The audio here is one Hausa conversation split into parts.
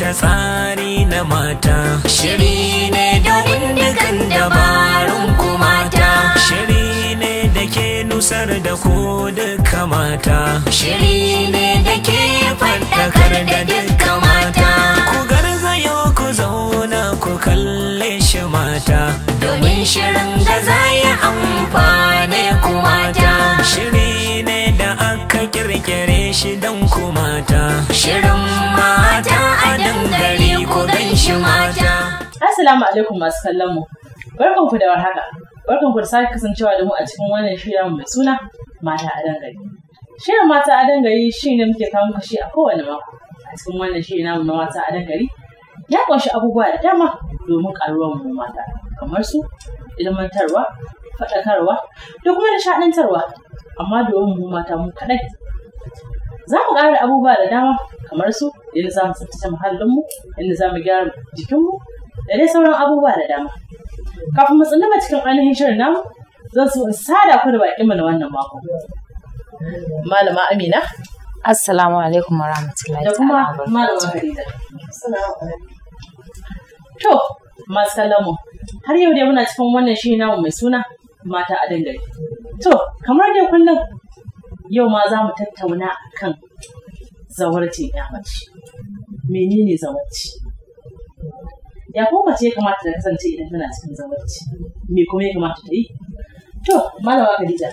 ta tsari na mata shiri ne da dukan dabarun kumata shiri ne da ke nusar da ku duka mata shiri ne da ke fadakar da duka mata ku garzayo ku zauna ku kalle shi mata domin shirin da za ya amfane ku mata shiri shi dan ku mata. Shirin mata a dangare ku gan shi mata. Assalamu alaikum masu kallon mu. Barkan ku da warhaka. Barkan ku da sake kasancewa da mu a cikin wannan shirin mai suna Mata a dangare. Shirin Mata a dangare shi ne muke kawo muku shi a kowane mako. A cikin wannan shirin namu na Mata a dangare ya kunshi abubuwa da dama domin karuwar mu mata kamar su ilmantarwa, faɗakarwa da kuma nishaɗantarwa amma domin mu mata mu kaɗai za mu ƙara abubuwa da dama kamar su inda za mu tsaftace muhallinmu inda za mu gyara jikinmu da dai sauran abubuwa da dama kafin mu tsallama cikin ainihin shirin namu zan so in sada ku da baƙin mu na wannan mako malama amina assalamu alaikum wa rahmatullahi da kuma malama farida to masalamu har yau dai muna cikin wannan shirin namu mai suna mata a dangare to kamar dai kullum yau ma za mu tattauna a kan zawarci ya mace menene zawarci ya kuma mace ya kamata ta kasance idan tana cikin zawarci me kuma ya kamata ta yi to malama khadija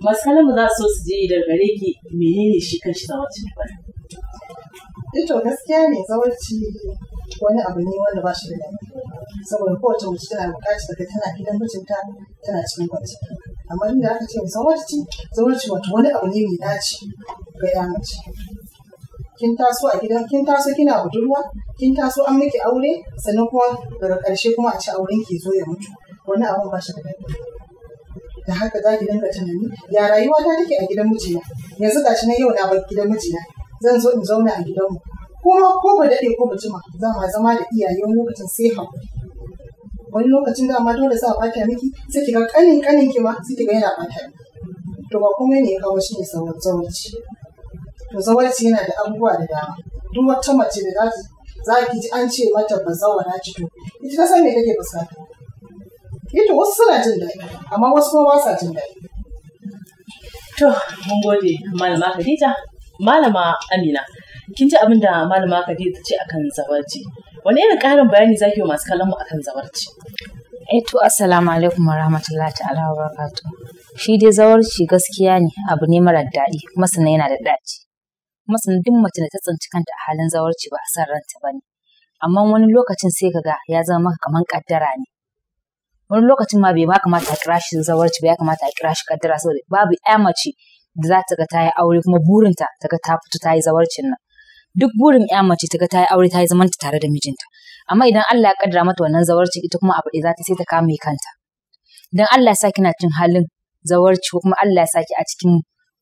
masu kalan mu za su su je daga gare ki menene shi kan shi zawarci ba ito eh gaskiya ne zawarci wani abu ne wanda ba shi da yawa. saboda kowace mace tana buƙatar da tana gidan mijinta tana cikin kwanciyar amma da aka ce zawarci zawarci wato wani abu ne mai daci ga ya kin taso a gidan kin taso kina budurwa kin taso an miki aure sannan kuma daga ƙarshe kuma a ci auren ki zo ya mutu wani abu ba shi da da haka za ki dinga tunani ya rayuwa ta take a gidan mijina yanzu gashi na yau na bar gidan mijina zan zo in zauna a gidanmu kuma ko ba daɗe ko ba jima za mu zama da iyayen lokacin sai haƙuri wani lokacin da ma dole sa bata miki sai kiga kanin kanin ki ma sai kiga yana bata miki to ba komai ne ya kawo shi ne zawarci to zawarci yana da abubuwa da dama duk wata mace da za za ki ji an ce mata ba zawara ci to ita ta san me kake fuskanta ita eh wasu suna jin daɗi amma wasu kuma ba sa jin daɗi to mun gode malama Khadija malama Amina kin ji abin da malama Khadija ta ce akan zawarci Wani irin ƙarin bayani za ki wa masu kallon mu akan zawarci? Eh to assalamu alaikum wa rahmatullahi ta'ala wa barakatu. Shi dai zawarci gaskiya ne abu ne mara daɗi masana yana da ɗaci. Kuma duk mace da ta tsinci kanta a halin zawarci ba a san ranta ba ne. Amma wani lokacin sai ka ga ya zama maka kamar ƙaddara ne. Wani lokacin ma bai ma kamata a kira shi zawarci ba ya kamata a kira shi ƙaddara saboda babu ƴa mace da za ta ga ta yi aure kuma burinta ta ga ta fito ta yi zawarcin nan. duk burin ya mace ta ga ta yi aure ta yi zamanta tare da mijinta amma idan Allah ya kaddara mata wannan zawarci ita kuma abu za ta sai ta kame kanta idan Allah ya sa kina cin halin zawarci ko kuma Allah ya sa ki a cikin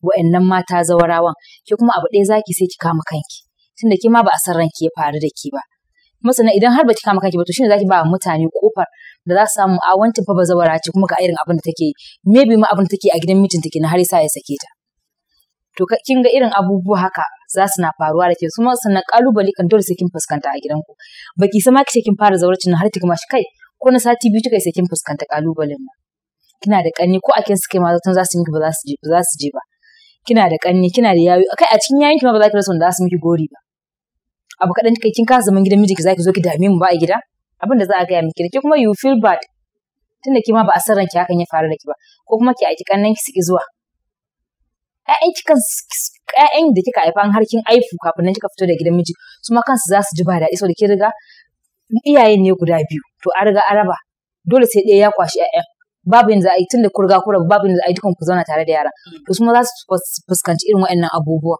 wa'annan mata zawarawan ke kuma abu ɗaya ki sai ki kama kanki tunda ki ma ba a san ranki ya faru da ki ba kuma sannan idan har ba ki kama kanki ba to shine ki ba mutane kofar da za su samu a wancan fa ba zawara ce kuma ga irin abin da take maybe ma abin da take a gidan mijinta ke na har yasa ya sake ta to kin ga irin abubuwa haka za su na faruwa da ke kuma sannan kalubale kan dole sai kin fuskanta a gidanku baki sama kice kin fara zauracin har ta shi kai ko na sati biyu kika sai kin fuskanta kalubalen nan kina da kanni ko a kin suke ma zaton za su miki ba za su je ba za su je ba kina da kanni kina da yayi kai a cikin yayin ki ma ba za ki rasa wanda za su miki gori ba abu kadan kai kin kasa zaman gidan mijinki ki zo ki dame mu ba a gida abin da za a gaya miki ki kuma you feel bad tunda ki ma ba a san ranki hakan ya faru da ki ba ko kuma ki aiki kannan ki zuwa ƴaƴan kika ƴaƴan da kika haifa har kin aifu kafin nan kika fito da gidan miji su ma kansu za su ji ba daɗi saboda kin riga iyayen ne guda biyu to a riga araba dole sai ɗaya ya kwashi ƴaƴan babu yanzu ai tunda ku riga ku babu yanzu ai dukan ku zauna tare da yara mm. to su ma za su fuskanci irin waɗannan abubuwa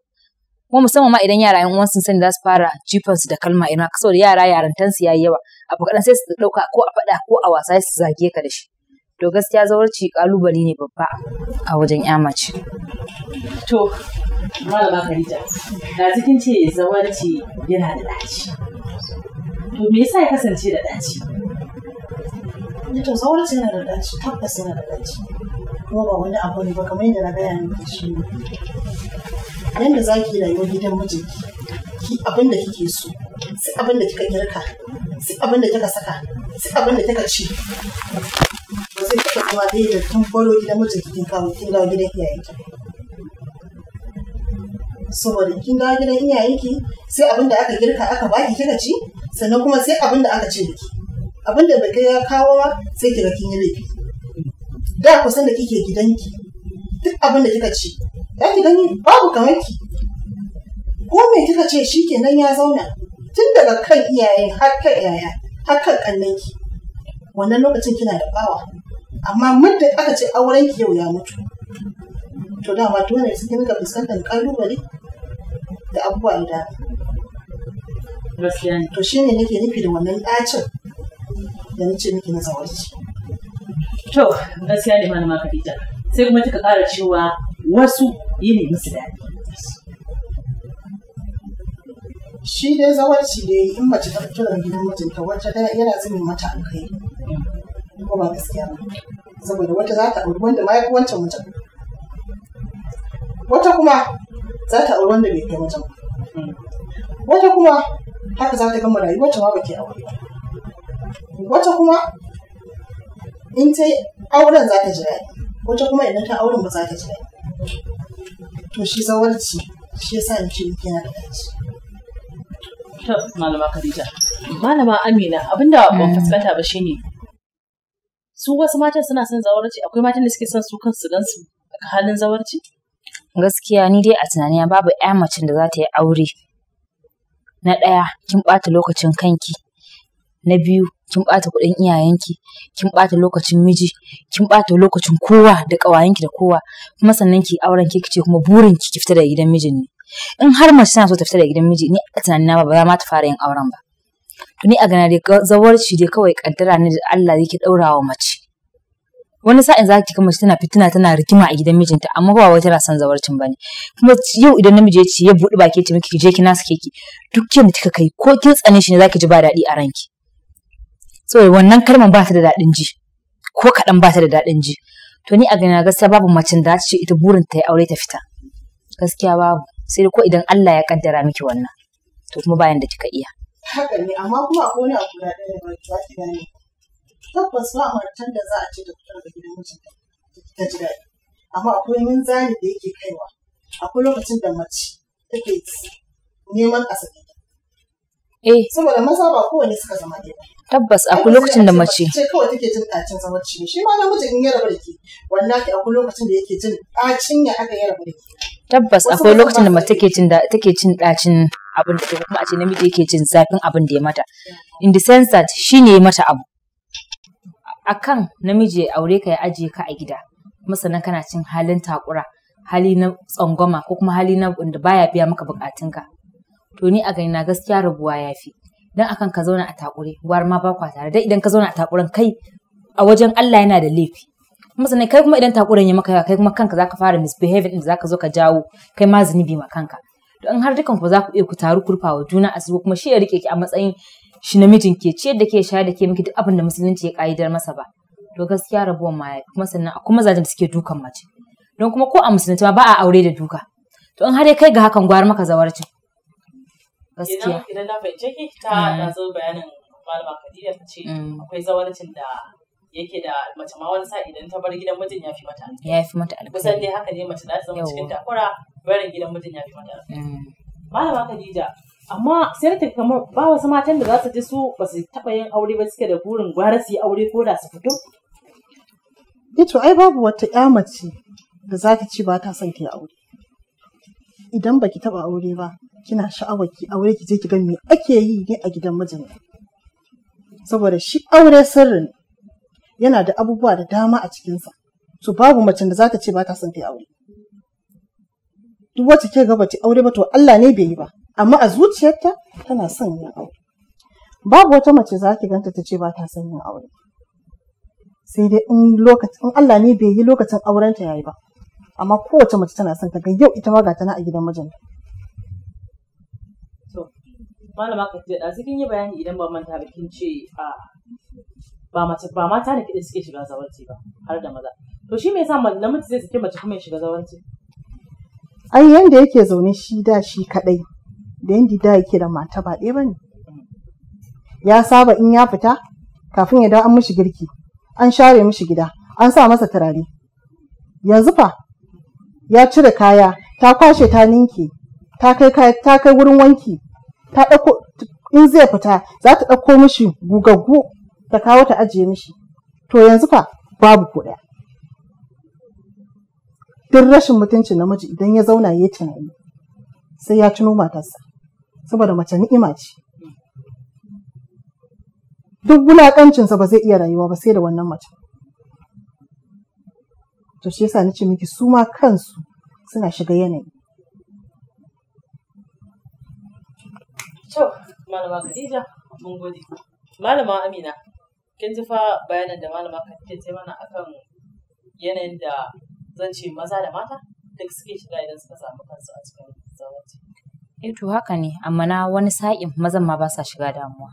kuma musamman ma idan yara yan uwan sun sani za su fara jifansu da kalma ina saboda yara yarantansu yayi yawa abu kaɗan sai su ɗauka ko a faɗa ko a wasa su zage ka da shi to gaskiya zawarci kalubali ne babba a wajen yamaci. mace to malama Khadija da cikin ce zawarci yana da daci to me yasa ya kasance da daci eh to zawarci yana da daci tabbas yana da daci kuma ba wani abu ne ba kamar yadda na gaya miki shi ne yadda za ki rayuwa gidan mijinki ki abin da kike so sai abin da kika girka sai abin da kika saka sai abin da kika ci sai taɓa zama ɗaya da tun baro gidan mijin kin kawo kin dawo gidan iyayenki saboda kin dawo gidan iyayenki sai abin da aka girka aka baki kika ci sannan kuma sai abin da aka ce miki abin da bai ya kawo ba sai kira kin yi laifi da kusan da kike gidan ki, duk abin da kika ci ya ki gani babu kamar ki ko me kika ce shi kenan ya zauna tun daga kan iyayen har kan yaya har kan kannanki wannan lokacin kina da bawa amma muddin aka ce auren ki yau ya mutu to dama dole su dinga fuskantar kalubale da abubuwa da gaskiya to shine nake nufi da wannan ɗacin da nace miki na zawarci to gaskiya ne malama Khadija sai kuma kika ƙara cewa wasu yi ne musu daɗi shi dai zawarci dai in mace ta fito daga gidan mijinta wacce yana zumin mata alkhairi ko ba gaskiya ba saboda wata za ta auri wanda ma ya wancan mutum wata kuma za ta auri wanda bai kai mutum wata kuma haka za ta gama rayuwar ta ma ba ke aure wata kuma in ta auren za ta jira wata kuma idan ta auren ba za ta jira to shi zawarci shi ya sa in ce na da daɗi malama Khadija. Malama Amina abinda ban fuskanta ba shine su wasu matan suna son zawarci akwai matan da suke son su kansu dan su halin zawarci gaskiya ni dai a tunaniya babu ƴa macen da za ta yi aure na ɗaya kin ɓata lokacin kanki na biyu kin ɓata kuɗin iyayenki kin ɓata lokacin miji kin ɓata lokacin kowa da ƙawayenki da kowa kuma sannan ki auren ki ce kuma burin ki ki fita daga gidan mijin ne in har mace tana so ta fita daga gidan miji ni a tunanina ba za ma ta fara yin auren ba ni a gana zawarci dai kawai kaddara ne da Allah yake daurawa mace wani sa'in za ki mace tana fitina tana rikima a gidan mijinta amma ba wata tana son zawarcin bane kuma yau idan namiji ya ce ya buɗe baki ce miki je ki nasu keki duk yadda kika kai ko kin tsane shi ne zaki ji ba daɗi a ranki so wannan kalmar ba ta da daɗin ji ko kaɗan ba ta da daɗin ji to ni a gani na gaskiya babu macen da ce ita burin ta ya aure ta fita gaskiya babu sai ko idan Allah ya kaddara miki wannan to kuma bayan da kika iya haka ne amma kuma akwai wani abu guda ɗaya ba ki ki tabbas ba martan da za a ce da fitar da gidan mijinta ta ji daɗi amma akwai zani da yake kaiwa akwai lokacin da mace take neman a sake Eh. Saboda maza ba kowane suka zama ɗaya ba. Tabbas akwai lokacin da mace. Ce kawai take jin ɗacin zama ci shi ma namiji in ya da ke wallahi akwai lokacin da yake jin ɗacin ya aka ya da ke. Tabbas akwai lokacin da mace take jin ɗacin abin da kuma a ce namiji yake jin zafin abin da ya mata in the sense that shi ne ya mata abu akan namiji ya aure ka ya ajiye ka a gida masanan kana cin halin takura hali na tsangwama ko kuma hali na wanda baya biya maka bukatunka to ni a gani na gaskiya rabuwa ya fi dan akan ka zauna a takure war ma ba kwa tare dan idan ka zauna a takuren kai a wajen Allah yana da laifi kuma sannan kai kuma idan takuren ya maka yawa kai kuma kanka zaka fara misbehaving din zaka zo ka jawo kai ma zunubi ma kanka Don har dukan ku za ku iya ku taru kurfa wa juna asiri kuma shi ya rike ki a matsayin shi namijin ke ciyar da ke shayar da ke miki duk abin da musulunci ya ka'idar masa ba to gaskiya rabuwar ma ya kuma sannan akwai mazajen da suke dukan mace don kuma ko a musulunci ma ba a aure da duka to in har ya kai ga hakan gwar maka zawarcin gaskiya idan na fahimce ki ta da mm. zo bayanin malama Khadija ta ce mm. akwai zawarcin da yake da mace ma wani sa idan ta bar gidan mijin ya fi mata alkhairi ya fi mata alkhairi kusan dai haka ne mace za ta zama cikin takura barin gidan mijin ya fi mata alkhairi mm. malama Khadija amma sai ta kamar ba wasu matan da za su ji su ba su taɓa yin aure ba suke da burin gwara su yi aure ko da su fito Ito ai babu wata ƴa mace da za ta ci ba ta son ta yi aure idan baki taɓa aure ba kina sha'awar ki aure ki je ki ga me ake yi ne a gidan mijin saboda shi aure sirrin yana da abubuwa da dama a cikinsa to babu macen da za ta ce ba ta son ta yi aure duk wacce ke gaba ta aure ba to Allah ne bai yi ba amma a zuciyarta tana son yin aure babu wata mace za ki ganta ta ce ba ta son yin aure sai dai in lokacin in Allah ne bai yi lokacin aurenta yayi ba amma kowace mace tana son ta ga yau ita ma ga tana a gidan mijinta malama ka ce da kin yi bayani idan ba manta ba kin ce a ba mace ba mata ne kiɗin suke shiga zawarci ba har da maza to shi me yasa namiji zai saki mace kuma ya shiga zawarci ai yanda yake zaune shi da shi kadai, da yanda da yake da mata ba ɗaya bane ya saba in ya fita kafin ya dawo an mishi girki an share mishi gida an sa masa turare yanzu fa ya cire kaya ta kwashe ta ninke ta kai ta kai wurin wanki ta dauko in zai fita za ta dauko mishi gugaggu ta kawo ta ajiye mishi to yanzu fa babu ko ɗaya duk rashin mutuncin namiji idan ya zauna ya tunani sai ya tuno matarsa saboda mace ni'ima ce duk wulaƙancinsa ba zai iya rayuwa ba sai da wannan mace to shi yasa nace miki su ma kansu suna shiga yanayi to malama Khadija mun gode malama Amina kin ji fa bayanan da malama ka take ce mana akan yanayin da zan ce maza da mata duk suke shiga idan suka samu kansu a cikin zawarci. Eh to haka ne amma na wani sa'in mazan ma ba sa shiga damuwa.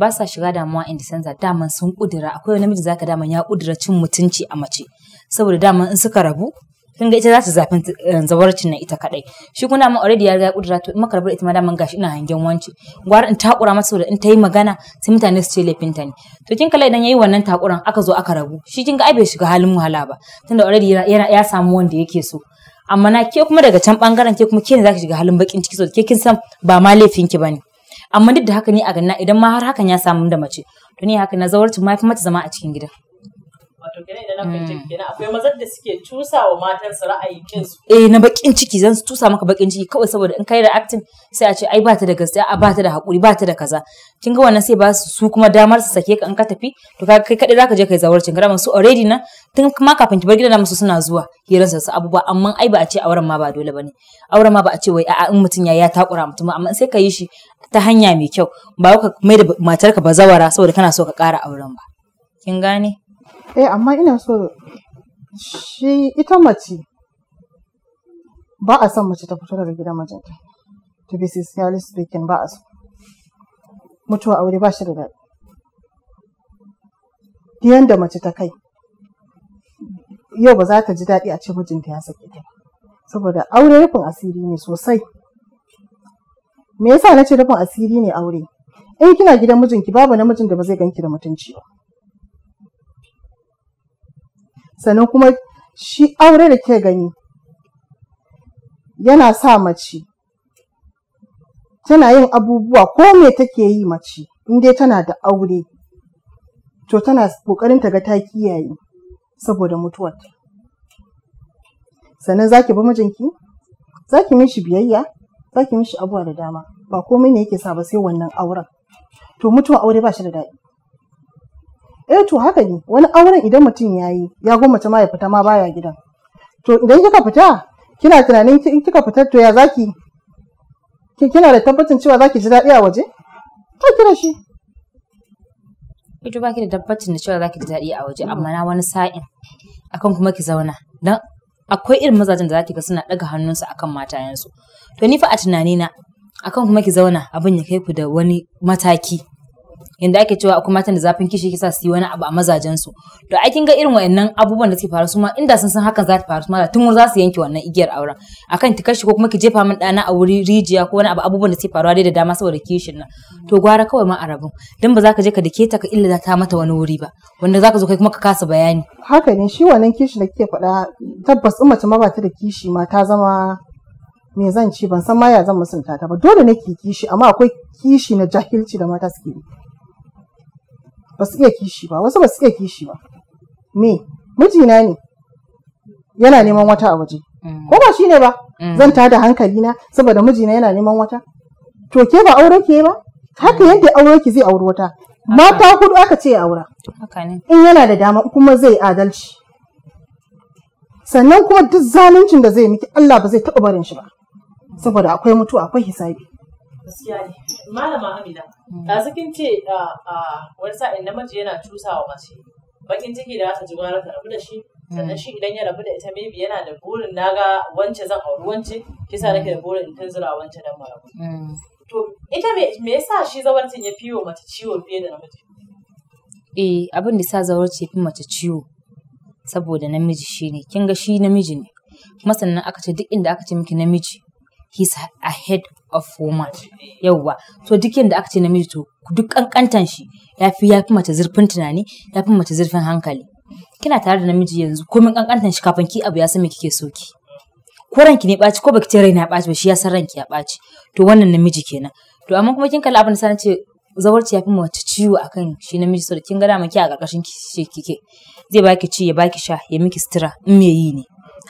Ba sa shiga damuwa in the sense daman sun kudura akwai namiji zaka daman ya kudura cin mutunci a mace saboda daman in suka rabu Kin ga ita za ta zafin eh, zawarcin nan ita kadai shi kuna mun already ya ga kudura to in maka rabu ita ma daman gashi ina hangen wance gwara in takura masa saboda in ta yi magana sai mutane su ce ta ne to kin kala idan yayi wannan takuran aka zo aka rabu shi kin ga ai bai shiga halin wahala ba tunda already yana ya samu wanda yake so amma na ke kuma daga can bangaren ke kuma ke ne zaki shiga halin bakin ciki saboda ke kin san ba ma laifin ki bane amma duk da haka ne a ganna idan ma har hakan ya samu da mace to ni haka na zawarcin ma fi mata zama a cikin gida wato kenan idan na fahimci kenan akwai mazan da suke cusa wa matan su ra'ayin kin eh na bakin ciki zan cusa maka bakin ciki kawai saboda in kai da acting sai a ce ai ta da gaskiya a bata da hakuri bata da kaza kin ga wannan sai ba su kuma damar su sake ka in ka tafi to kai kadai zaka je kai zawarcin ka su already na tun ma kafin ki bar gidan musu suna zuwa hirar su abubuwa amma ai ba a ce auren ma ba dole bane auren ma ba a ce wai a'a in mutun ya ya takura mutum amma sai ka yi shi ta hanya mai kyau ba ka mai da matarka ba zawara saboda kana so ka kara auren ba kin gane eh amma ina so shi ita mace ba a son mace ta fito daga gidan mijinta to be sincerely speaking ba a so mutuwa aure ba shi da daɗi yanda mace ta kai yau ba za ta ji daɗi a ce mijinta ya saki ta saboda aure rufin asiri ne sosai me yasa na ce rufin asiri ne aure in kina gidan mijinki babu namijin da ba zai ganki da mutunci ba sannan kuma shi aure da ke gani yana sa mace tana yin abubuwa ko me take yi mace inda tana da aure to tana kokarin ta ga ta kiyaye saboda mutuwar sannan zaki bi mijinki zaki mishi biyayya zaki mishi abuwa da dama ba komai ne yake sa ba sai wannan auren to mutuwa aure ba shi da daɗi eh to haka ne wani auren idan mutum ya yi ya gwamnati ma ya fita ma baya gidan to idan kika fita kina tunanin in kika fita to ya zaki kina da tabbacin cewa zaki ji daɗi a waje to kira shi Ito baki da tabbacin da cewa zaki ji daɗi a waje amma na wani sa'in akan kuma ki zauna dan akwai irin mazajen da zaki ga suna ɗaga hannunsu akan matayensu to ni fa a tunanina akan kuma ki zauna abin ya kai ku da wani mataki inda ake cewa akwai matan da zafin kishi yake sa su yi wani abu a mazajen su to ai kin ga irin wayannan abubuwan da suke faru su ma inda sun san hakan za ta faru su ma da tun za su yanke wannan igiyar auren akan ta kashi ko kuma ki jefa min ɗana a wuri rijiya ko wani abu abubuwan da suke faruwa dai da dama saboda kishin nan to gwara kawai ma a dan ba za ka je ka dake ta ka illa ta mata wani wuri ba wanda za ka zo kai kuma ka kasa bayani haka ne shi wannan kishi da kike faɗa tabbas in mace ma ba da kishi ma ta zama me zan ci ban san ma ya zan musunta ta ba dole ne ki kishi amma akwai kishi na jahilci da mata suke ba su iya kishi ba wasu ba su iya kishi ba me mijina ne yana neman wata a waje mm. ko ba shine ba mm. zan tada hankali na saboda mijina yana neman wata to ke ba aure ke ba haka mm. yadda aure ki zai auri wata mata hudu aka ce aura in yana da dama kuma zai adalci sannan kuma duk zaluncin da zai miki Allah ba zai taɓa barin shi ba saboda akwai mutuwa akwai hisabi malama hamida da mm. kin ce a wani sa'in namiji yana cusa wa mace bakin ciki da su ji gwara ta rabu da shi sannan mm. shi idan ya rabu da ita maybe yana da burin na ga wance zan auri wance kisa nake da burin in tanzura wance dan marabu mm. to ita me yasa shi zawarcin ya fiwo mace ciwo fiye da namiji eh abin da sa zawarci fi mace ciwo saboda namiji shine kin ga shi namiji ne masannan aka ce duk inda aka ce miki namiji he's ahead of woman yauwa so duk yanda aka ce namiji to duk kankantan shi ya fi ya zurfin tunani ya fi mace zurfin hankali kina tare da namiji yanzu komai kankantan shi kafin ki abu ya san me kike so ki ko ranki ne ɓaci ko baki ce raina ɓaci ba shi ya san ranki ya ɓaci to wannan namiji kenan to amma kuma kin kalli abin da sana ce zawarci ya fi mace ciwo akan shi namiji da kin ga dama ki a ƙarƙashin ki kike zai baki ci ya baki sha ya miki sutura in me yi ne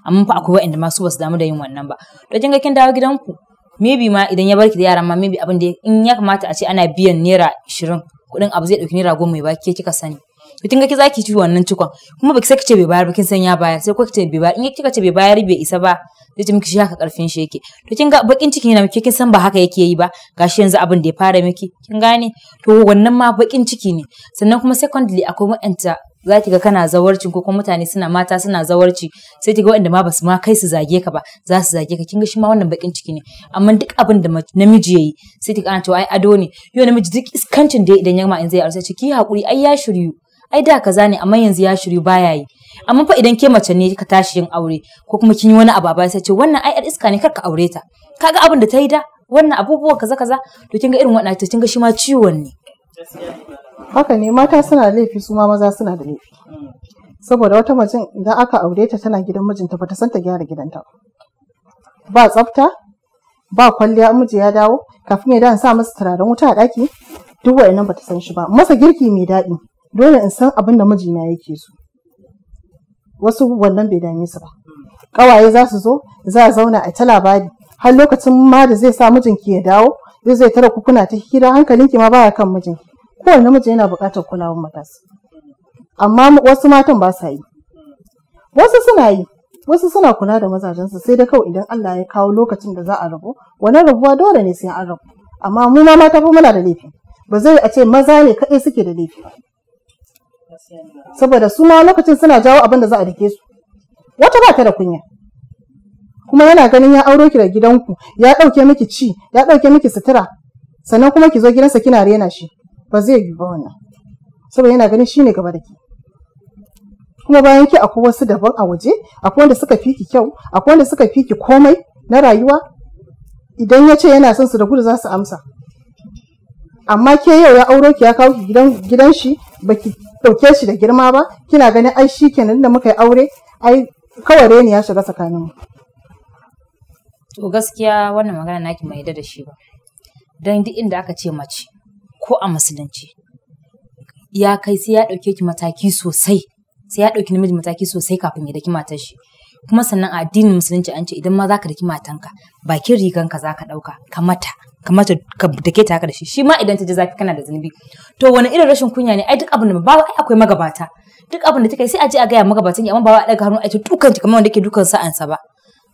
amma fa akwai waɗanda ma su basu damu da yin wannan ba to kin ga kin dawo gidanku maybe ma idan ya barki da yaran ma maybe abin da in ya kamata a ce ana biyan naira 20 kuɗin abu zai ɗauki naira goma ba ke kika sani kitin ga ki zaki ci wannan cikon kuma baki sai kace bai bayar ba kin san ya bayar sai kuka kice bai bayar in kika ce bai bayar bai isa ba zai ce miki shi haka karfin shi yake to kin ga bakin ciki yana miki kin san ba haka yake yi ba gashi yanzu abin da ya fara miki kin gane to wannan ma bakin ciki ne sannan kuma secondly akwai wa'anta za ki ga kana zawarci? ko kuma mutane suna mata suna zawarci sai ki ga waɗanda ma basu ma kai su zage ka ba za su zage ka kin ga shi ma wannan bakin ciki ne amma duk abin da namiji yayi sai ki ga ana cewa ai ado ne yo namiji duk iskancin da idan yamma in zai arsa sai ki hakuri ai ya shiryu ai da kaza ne amma yanzu ya shiryu baya yi amma fa idan ke mace ne ka tashi yin aure ko kuma kin yi wani abu ta sai ce wannan ai yar iska ne kar ka aure ta kaga abin da ta yi da wannan abubuwan kaza kaza to kin ga irin wannan to kin ga shi ma ciwon ne haka ne mata suna da laifi su ma maza suna da laifi saboda wata mace idan aka aure ta tana gidan mijinta ba ta san ta gyara gidanta ba tsafta ba kwalliya miji ya dawo kafin ya dan sa masa turaren wuta a daki duk wa'annan ta san shi ba masa girki mai daɗi dole in san abin da mijina yake so wasu wannan bai dame su ba ƙawaye za su zo za a zauna a ta labari har lokacin ma da zai sa mijinki ya dawo zai tara kukuna ta hira hankalinki ma baya kan mijinki kowane namiji yana buƙatar kulawar matasa amma wasu matan ba sa yi wasu suna yi wasu suna kula da mazajensu sai da kawai idan Allah ya kawo lokacin da za a rabu wannan rabuwa dole ne sai an rabu amma mu ma mata fa muna da laifi ba zai a ce maza ne kaɗai suke da laifi ba saboda su ma lokacin suna jawo abin da za a dake su wata ba ta da kunya kuma yana ganin ya auro ki da gidanku ya ɗauke miki ci ya ɗauke miki sutura sannan kuma ki zo gidansa kina rena shi ba zai yi ba wannan saboda yana ganin shine gaba da ke kuma bayan ki akwai wasu daban a waje akwai wanda suka fi ki kyau akwai wanda suka fi ki komai na rayuwa idan ya ce yana son su da gudu za su amsa amma ke yau ya auro ki ya kawo ki gidan shi baki dauke shi da girma ba kina ganin ai shi kenan da muka yi aure ai kawai reni ya shiga tsakaninmu to gaskiya wannan magana naki mai da shi ba don duk inda aka ce mace ko a musulunci ya kai sai ya ɗauke ki mataki sosai sai ya ɗauki namiji mataki sosai kafin ya daki matar shi kuma sannan a addinin musulunci an ce idan ma ka daki matanka bakin riganka ka ɗauka ka mata ka mata ka dake ta haka da shi shi ma idan ta ji zafi kana da zunubi to wani irin rashin kunya ne ai duk abin da ba ai akwai magabata duk abin da take sai a je a gaya magabatan amma ba wa ɗaga hannu a ta dukan ta kamar wanda yake dukan sa'ansa ba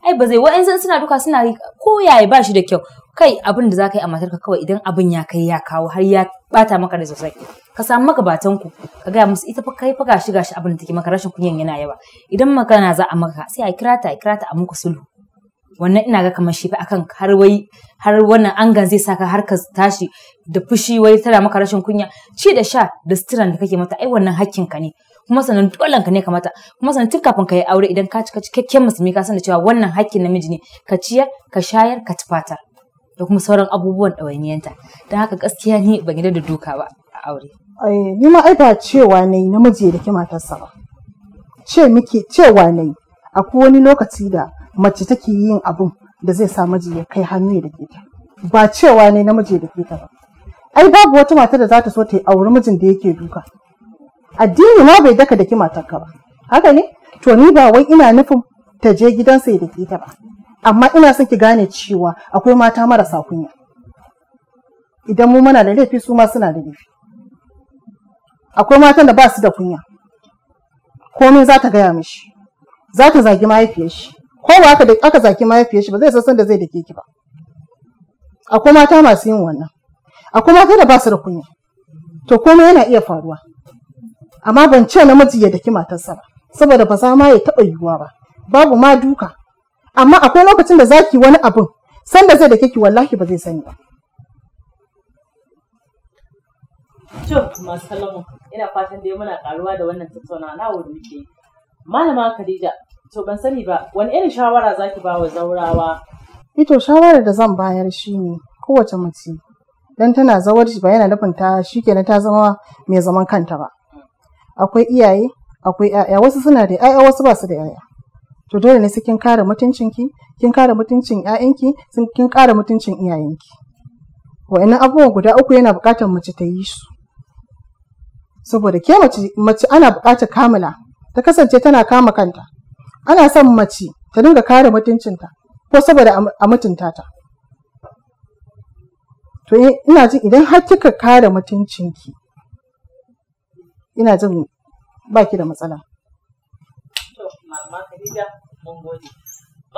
ai ba zai wa'ansu suna duka suna ko yaya ba shi da kyau kai abin da za ka yi a matarka kawai idan abin ya kai ya kawo har ya bata maka da sosai ka samu magabatan ku ka gaya musu ita fa kai fa gashi gashi abin da take maka rashin kunyan yana yawa idan magana za a maka sai a kira ta a kira ta a muku sulhu wannan ina ga kamar shi fa akan har wai har wannan angan zai saka har ka tashi da fushi wai tana maka rashin kunya ci da sha da sitiran da kake mata ai wannan hakkin ne kuma sannan dolan ka ne kamata kuma sannan tun kafin ka yi aure idan ka cika cikakken musulmi ka san da cewa wannan hakkin namiji ne ka ciyar ka shayar ka tufata da kuma sauran abubuwan ɗawainiyanta don haka gaskiya ni ban gida da duka ba a aure. ni ma ai ba cewa na yi namiji da ke matarsa ba ce muke cewa na yi akwai wani lokaci da mace take yin abun da zai sa miji ya kai hannu da ke ta ba cewa ne namiji da ke ta ba ai babu wata mata da za ta so ta yi aure mijin da yake duka addini ma bai daka matar ka ba haka ne to ni ba wai ina nufin ta je gidansa ya ke ta ba amma ina son ki gane cewa akwai mata marasa kunya idan mu muna da laifi su ma suna da laifi akwai matan da ba su da kunya komai za ta gaya mishi za ta zagi mahaifiyar shi ko ba aka aka zaki mahaifiyar shi ba zai san da zai dake ki ba akwai mata masu yin wannan akwai mata da ba su da kunya to komai yana iya faruwa amma ban ce namiji ya daki matarsa ba saboda ba za ma ya taɓa yiwuwa ba babu ma duka amma akwai lokacin da zaki wani abin sanda zai dake ki wallahi ba zai sani ba To masu kallon ina fatan dai muna karuwa da wannan tattaunawa na wuri muke Malama Khadija to ban sani ba wani irin shawara zaki ba wa zaurawa Ito shawarar da zan bayar shi ne, kowace mace dan tana zawarci ba yana nufin ta shikenan ta zama mai zaman kanta ba akwai iyaye akwai ‘ya'ya wasu suna da ‘ya'ya wasu ba su da ‘ya'ya to dole ne sai kin kare mutuncinki kin kare mutuncin ‘ya'yanki kin kare mutuncin iyayenki wa'annan abubuwan guda uku yana buƙatar mace ta yi su saboda ke mace ana buƙatar kamala ta kasance tana kama kanta ana son mace ta dinga kare mutuncinta ko saboda a mutunta ta to eh, ina jin idan har kika kare mutuncinki ina jin baki da matsala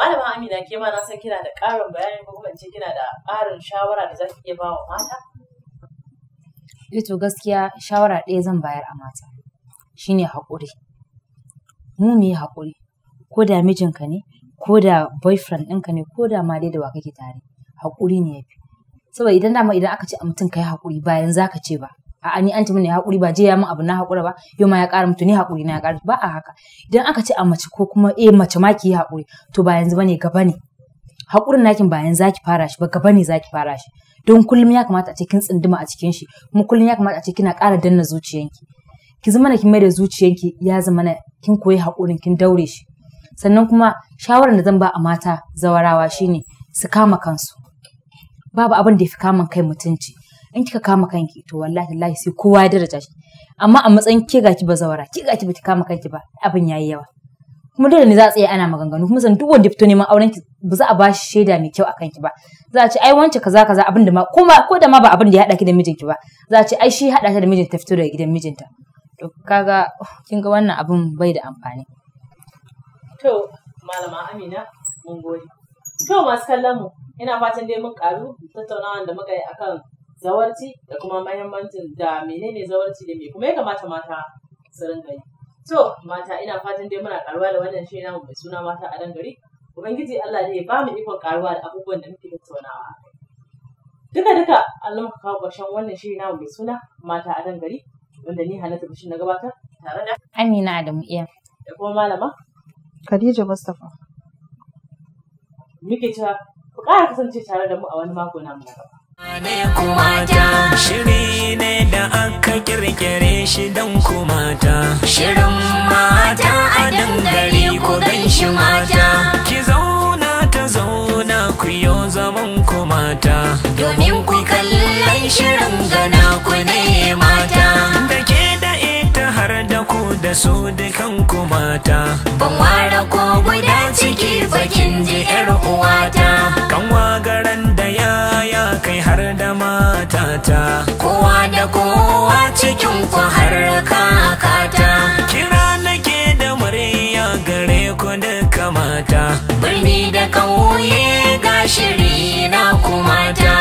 malama amina ke ma na san kina da ƙarin bayani ko kuma ce kina da ƙarin shawara da za ki iya ba wa mata eh to gaskiya shawara ɗaya zan bayar a mata shine haƙuri mu mu yi haƙuri ko da mijinka ne ko da boyfriend ɗinka ne ko da ma dai da wa kake tare haƙuri ne yafi saboda idan dama idan aka ce a mutum yi hakuri bayan za ka ce ba a'a ni an ne hakuri ba je ya min abu na hakura ba yau ma ya ƙara mutu ni hakuri na ya ƙara ba a haka idan aka ce a mace ko kuma eh mace ma ki yi hakuri to ba yanzu bane gaba ne hakurin nakin ba yanzu zaki fara shi ba gaba ne zaki fara shi don kullum ya kamata a ce kin tsinduma a cikin shi kuma kullum ya kamata a ce kina ƙara danna zuciyanki ki zama na kin mai da zuciyanki ya zama na kin koyi hakurin kin daure shi sannan kuma shawarar da zan ba a mata zawarawa shine su kama kansu babu abin da ya fi kamun kai mutunci in kika kama kanki to wallahi tallahi sai kowa ya daraja shi amma a matsayin ke gaki ba zawara ke gaki bata kama kanki ba abin yayi yawa kuma dole ne za a tsaya ana maganganu kuma san duk wanda fito neman auren ki ba za a ba shi shaida mai kyau akan ki ba za a ce ai wance kaza kaza abin da ma ko ko da ma ba abin da ya hada ki da mijinki ba za a ce ai shi hada ta da mijinta fito daga gidan mijinta to kaga kin ga wannan abin bai da amfani to malama Amina mun gode to masu kallon mu ina fatan dai mun karu tattaunawa da muka yi akan zawarci da kuma mahimmancin da menene zawarci da me kuma ya kamata mata su rinka yi to mata ina fatan dai muna karuwa da wannan shi namu mai suna mata a dangare, ubangiji Allah ne ba mu ikon karuwa da abubuwan da muke tattaunawa duka duka Allah muka kawo ƙarshen wannan shi namu mai suna mata a dangare, wanda ni Hannatu Bashir na gabatar tare da Amina Adamu iya da kuma malama Khadija Mustapha. muke cewa ku ƙara kasance tare da mu a wani mako namu na gaba Shiri ne da aka kirkire shi don kumata Shirin mata a dangare ku gan shi mata Ki zauna ta zauna ku yo zaman kumata Domin ku kallon shirin gana ku ne mata Da ke da ita har da ku da su dukan mata Ban ware ko guda ciki bakin ji 'yar uwata Kan wagaran da har da matata kowa da kowa cikin ku har kakata kira nake da murya gare ku duka mata birni da kauye ga shiri na kumata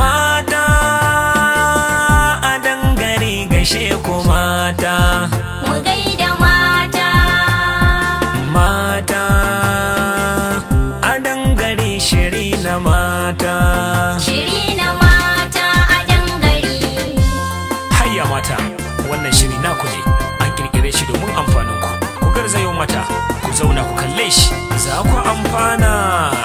mata a dangare gashe ku mata za ku amfana.